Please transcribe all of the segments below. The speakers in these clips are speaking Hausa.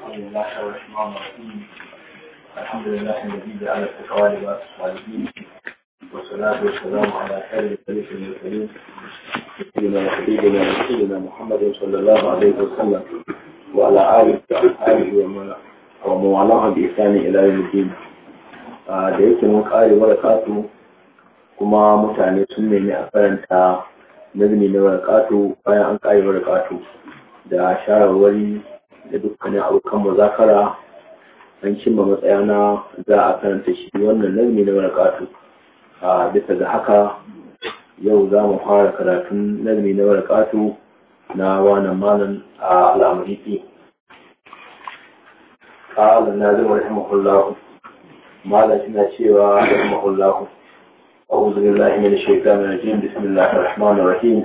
بسم الله الرحمن الرحيم الحمد لله الذي جعل التقوال بعد الصالحين والصلاة والسلام على خير الخليفة الكريم سيدنا وحبيبنا وسيدنا محمد صلى الله عليه وسلم وعلى آله وأصحابه ومن والاه بإحسان إلى يوم الدين da yake mun kare warakatu kuma mutane sun nemi a karanta nazmi na warakatu bayan an kare warakatu da shawarwari da dukkanin abokan mazakara an cimma matsayana, za a karanta shi wannan nazmi na barakatu a bisa ga haka yau za mu fara karatun nazmi na barakatu na wannan malam a al'amuriki da nazim rahimahullahu malam suna cewa rahimahullahu أعوذ بالله من الشيطان الرجيم بسم الله الرحمن الرحيم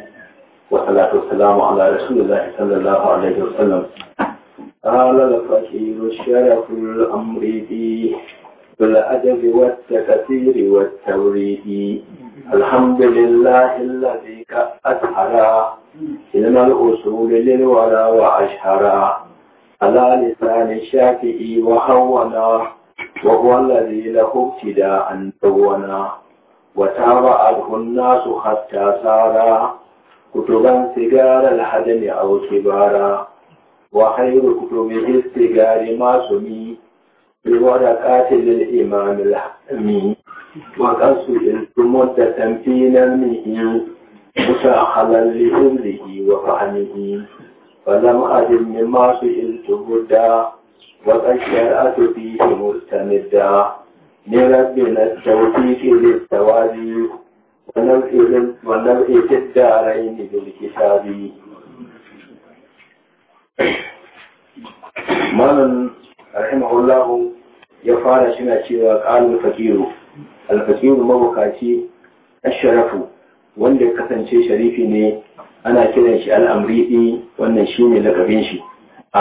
والصلاة والسلام على رسول الله صلى الله عليه وسلم قال الفقير الشرف الأمر بي بالأدب والتكثير والتوريد الحمد لله الذي اظهر علم الأصول للورى وأشهرا على لسان الشافعي وهونا وهو الذي له ابتداء دونا وتابعه الناس حتى سارا كتبا سجار الحجم أو كبارا وخير كتب السجار ما سمي بوركات للإمام الحمي وقصد المدة في نمه مساخلا لأمره وفهمه فلم أدل مما سئلت بدا وقد فيه مستمدا لربنا التوفيق للتوازي ونبئ في الدارين بالكتاب malam rahimahullahu ya fara shina cewa ƙalin fakiru alfakiru mabukaci asharafu wanda ya kasance sharifi ne ana kiran shi al'amriɗi wannan shi ne lakabin shi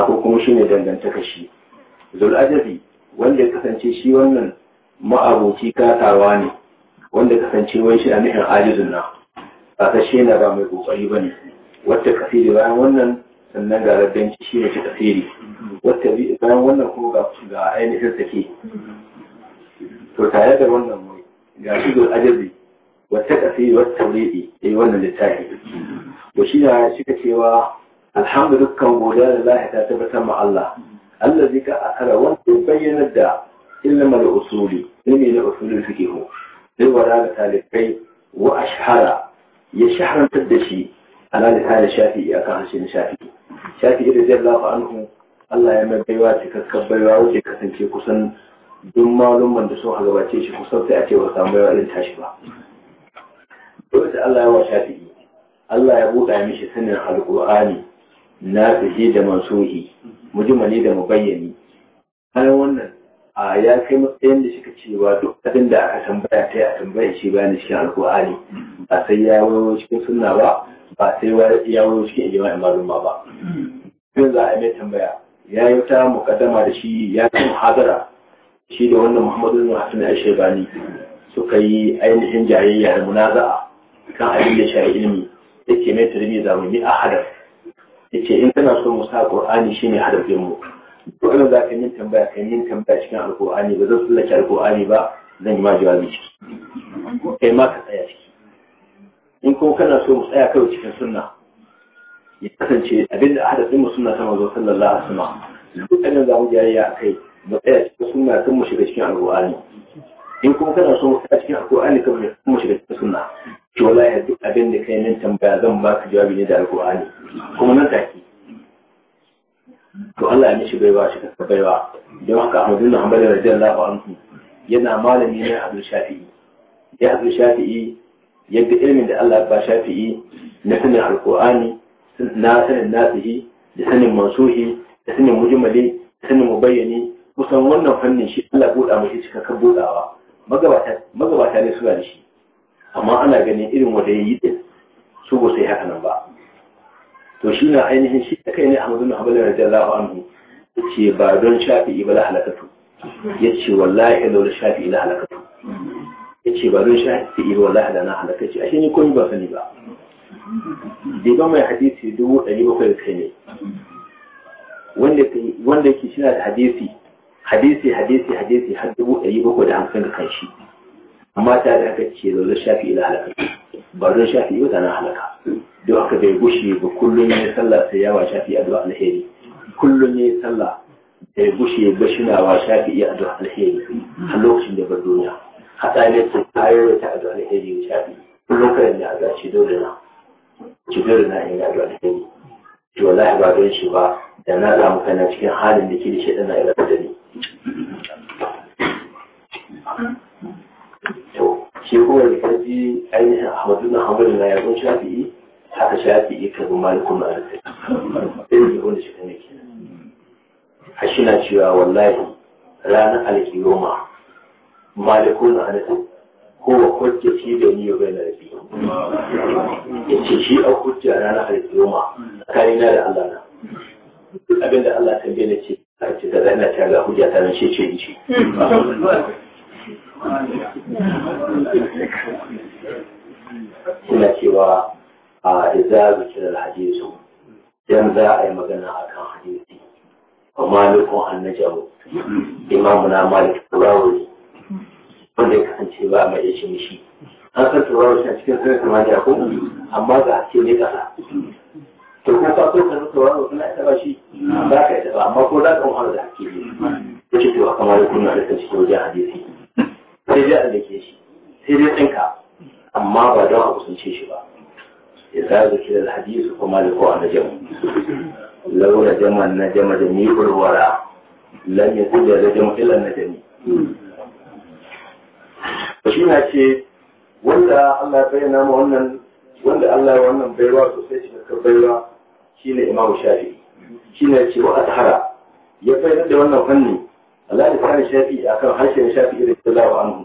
ko kuma shi ne dangantaka shi zul'ajabi wanda kasance shi wannan ma'abuci katawa ne wanda kasance wai shi a nihin ajizun na ba ta shi na ba mai kokari ba ne wata bayan wannan sannan ga rabbanci shi ne shi tasiri wata bayan wannan kuma ga ga ainihin sake to tare da wannan mai ga shi zo ajabi wata tasiri wata tauridi ya yi wannan littafi to shi na shi ka cewa alhamdu dukkan godiya da lahi ta tabbatar ma Allah Allah zai ka akara wanda ya bayyana da ilmar usuli ilmi na suke fiqh zai wada da talibai wa ashhara ya shaharantar da shi Ana da kayan shafi a kan na Shafi shafi da zai lafa anhu Allah ya mai baiwa cikakken baiwa wuce kasance kusan duk malumman da sun gabace shi kusan sai a ce ba samu baiwa irin tashi ba dole da Allah ya wa shafi, Allah ya buɗa mishi sanin alƙur'ani na fiye da mansuhi mujmani da mubayyani har wannan a ya kai matsayin da suka cewa duk abin da aka tambaya ta yi a tambaya shi bayan cikin alƙur'ani ba sai ya wayo cikin sunna ba ba sai ya wuce cikin ijima'in maluma ba yau za a mai tambaya ya yi ta mukaddama da shi ya yi muhadara shi da wannan muhammadu bin hasan al bani suka yi ainihin jayayya da munaza'a kan abin da shayi ilimi ke mai mu zamani a Ya ce in kana so mu sa qur'ani ne hadafin mu to irin za ka yi tambaya ka yi tambaya cikin Al-Qur'ani ba zan tsallake Al-Qur'ani ba zan yi ma jawabi kai ma ka tsaya ciki in kuma kana so mu tsaya kawai cikin sunna ya kasance abinda hadasin mu sunna ta mazo sallallahu alaihi wasallam lokacin da mu jayayya akai mu tsaya cikin sunna kan mu shiga cikin alqur'ani in kuma kana so mu tsaya cikin alqur'ani kan mu shiga cikin sunna to wallahi duk abin da kai nan tambaya zan ba ka jawabi ne da alqur'ani kuma nan take to Allah ya mishi baiwa shi ka baiwa don haka Ahmadu bin Hanbal radiyallahu anhu yana malami ne Abdul Shafi'i ya Abdul Shafi'i yadda ilimin da Allah ba shafi'i na sanin alkur'ani na sanin nasihi da sanin mansuhi da sanin mujimali da sanin mubayyani kusan wannan fannin shi Allah buɗa mashi cikakken buɗawa magabata ne suna da shi amma ana ganin irin wanda ya yi ɗin su ba su yi haka nan ba to shi na ainihin shi ta kai ne a mazuna abu da radiyallahu anhu ce ba don shafi'i ba la halakatu ya ce wallahi ya lura shafi'i la halakatu ya ce ba zai sha fi'i ba za da na halaka ce ashe ni komi ba sani ba diba mai hadisi dubu ɗari bakwai da kai ne wanda ke shi da hadisi hadisi hadisi hadisi har dubu ɗari bakwai da hamsin da kan shi amma ta da aka ce da zai shafi ila halaka ba zai shafi ba da na halaka don aka bai gushe ba kullum ya sallah sai yawa shafi addu'a alheri kullum ya sallah bai gushe ba shi na wa shafi iya addu'a alheri da na in yaro alheri to wallahi ba don shi ba da na samu kana cikin halin da ke da shaɗan na irar da ni to shi kuma da kaji ainihin ahmadu na hamadu na yaron shafi'i haka shafi'i ka zo malikun na arziki ɗin da wanda shi kan yake a shi na cewa wallahi ranar alkiyoma malikun na arziki kowa kwanke shi da ni yau bai na rafi yace shi a hujja na na alƙiyoma tsakanina da Allah na duk abin da Allah ta gina ce a ce da ina ta ga hujja ta nan ce ce ce suna cewa a idza zikir alhadisu dan za a yi magana akan hadisi amma lokacin annajawo imamu na malik turawi wanda ya kasance ba mai yace mishi an san turawa shi a cikin sirrin samaniya ko amma ga haske ne kasa to ko ka so ka turawa suna taɓa shi ba ka ba, amma ko za ka wahala da haske ne ya ce to a kamar ya kunna da cikin wajen hadisi sai dai a dake shi sai dai tsinka amma ba don a kusance shi ba ya sa zaki da hadisu kuma da kowa na jama laura jama na jama da ni urwara ya yakun da jama illa na jami shi na ce wanda Allah ya bayyana mu wannan wanda Allah ya wannan baiwa sosai shi ka baiwa shine Imam Shafi shine cewa azhara ya bayyana da wannan fanni Allah ya kare Shafi akan harshen Shafi da Allah anhu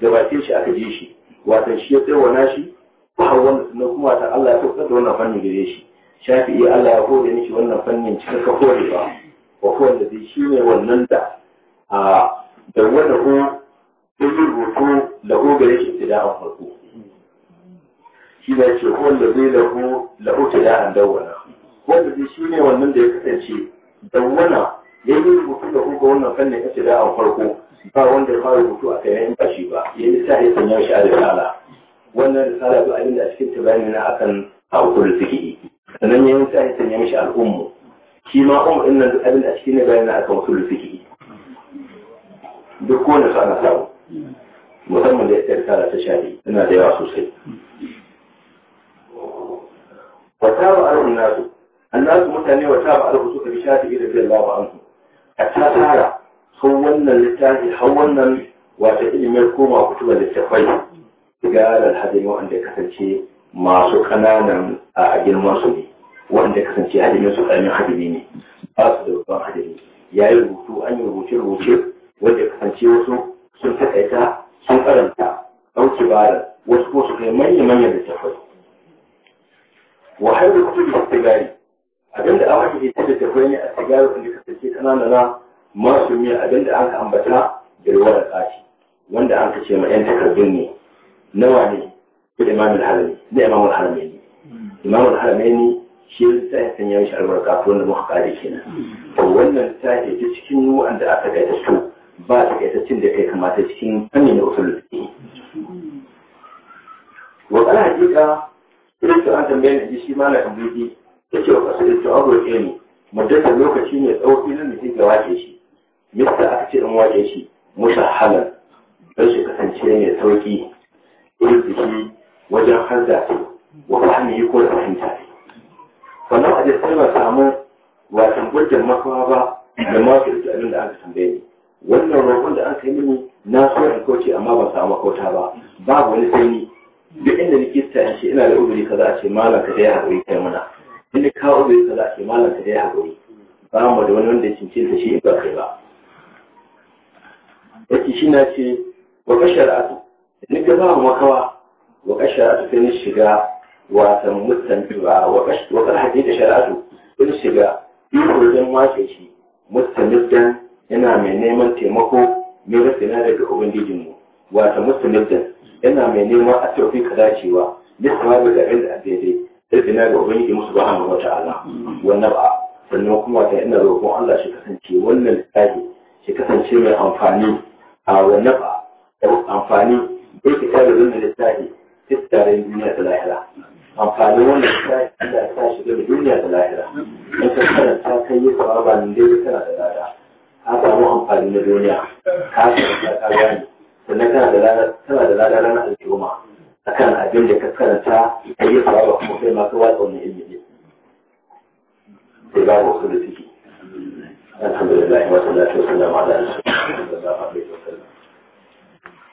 da bakin shi aka ji shi wato shi ya tsawana shi har wanda sunan kuma ta Allah ya tsawana da wannan fanni gare shi Shafi ya Allah ya hore ni shi wannan fannin cikakken ba. wa kowanne zai shi ne wannan da a da wanda kuma in rubutu lahu gare shi ibtida'an farko shi ne ce ko da zai lahu lahu a dawwana wanda zai shi ne wannan da ya kasance dawwana ya yi rubutu da ga wannan fannin ibtida'an farko ba wanda ya fara rubutu a kai in ba shi ba ya yi sa ya sanya shi a risala wannan risala duk abin da a cikin tabayani na akan haƙuri suke sannan ya yi sa ya sanya mishi al'ummu shi ma umma ɗin nan duk abin da a cikin tabayani na akan wasu suke duk kowane su ana samu مهم الاسترسال التشاري إن هذا يعصو شيء وتابع الناس الناس متنين وتابع الفسوك بشاتي رضي الله عنه حتى تعالى خولنا للتاتي حولنا واتقين ملكوما وكتبا للتقوي قال الحديم عندك تنشي ما سكنا نم أعجل ما وعندك تنشي هذه من سكنا من حديميني أصدر وطن حديمي يا يلوتو أن يلوتو الوتو وعندك تنشي وسوك sun takaita sun karanta ɗauki bara wasu ko su kai manya da littafai wahayar da kutubi su tigari abinda a wata ke da tafai ne a tigari wanda kasance na masu miya abinda an ka ambata da kashi wanda an kace ma yan takardun ne nawa ne ku da imamul harami da imamul harami ne imamul harami ne shi ya ya sanya mishi albarka ko wanda muka kare kenan to wannan ta cikin cikin da aka gaida su ba ta cin da kai kamata cikin fannin da usul fiqh wa kana hakika idan to an tambaye ni shi mala ta ce wa kasu to abu ke ne muddata lokaci ne tsawo idan da ya wace shi mista aka ce in wace shi mushahalan don shi kasance mai sauki shi wajen su wa yi ko da fahimta ne wannan a jisai ba samu wasan gudun makawa ba da ma su abin da aka tambaye wannan roƙon da aka yi mini na so in kauce amma ban samu makauta ba babu wani sani duk inda ni kista shi ina da uzuri kaza a ce malam ka dai haƙuri kai mana inda ka uzuri kaza a ce malam ka dai haƙuri ba mu da wani wanda ya ta shi ba kai ba yake shi na ce wa kashara'atu ni ga ba makawa wa kashara'atu sai ni shiga watan mustanbiwa wa kashara'atu da shara'atu sai ni shiga wajen wace shi mustanbidan yana mai neman taimako mai rasina daga ubangijinmu wata musulmin yana mai neman a tafi ka dacewa lissafi ga abin da daidai rasina ga ubangiji musu ba hannu wata ala wannan ba sannan kuma ta ina roƙon Allah shi kasance wannan tsari. shi kasance mai amfani a wannan ba amfani bai fita da wannan lissafi tattaren duniya da lahira amfani wannan tsari Allah ya sa shi ga duniya da lahira in ka karanta kai yi sababanin daidai tana da lahira amfani na duniya ka ta ka gane sannan da lada kana da lada ranar al'umma akan abin da ka karanta ka yi sababa kuma kai ma watsa wani ilimi ne sai ba wasu da ciki alhamdulillah wa salatu wa salam ala rasulillah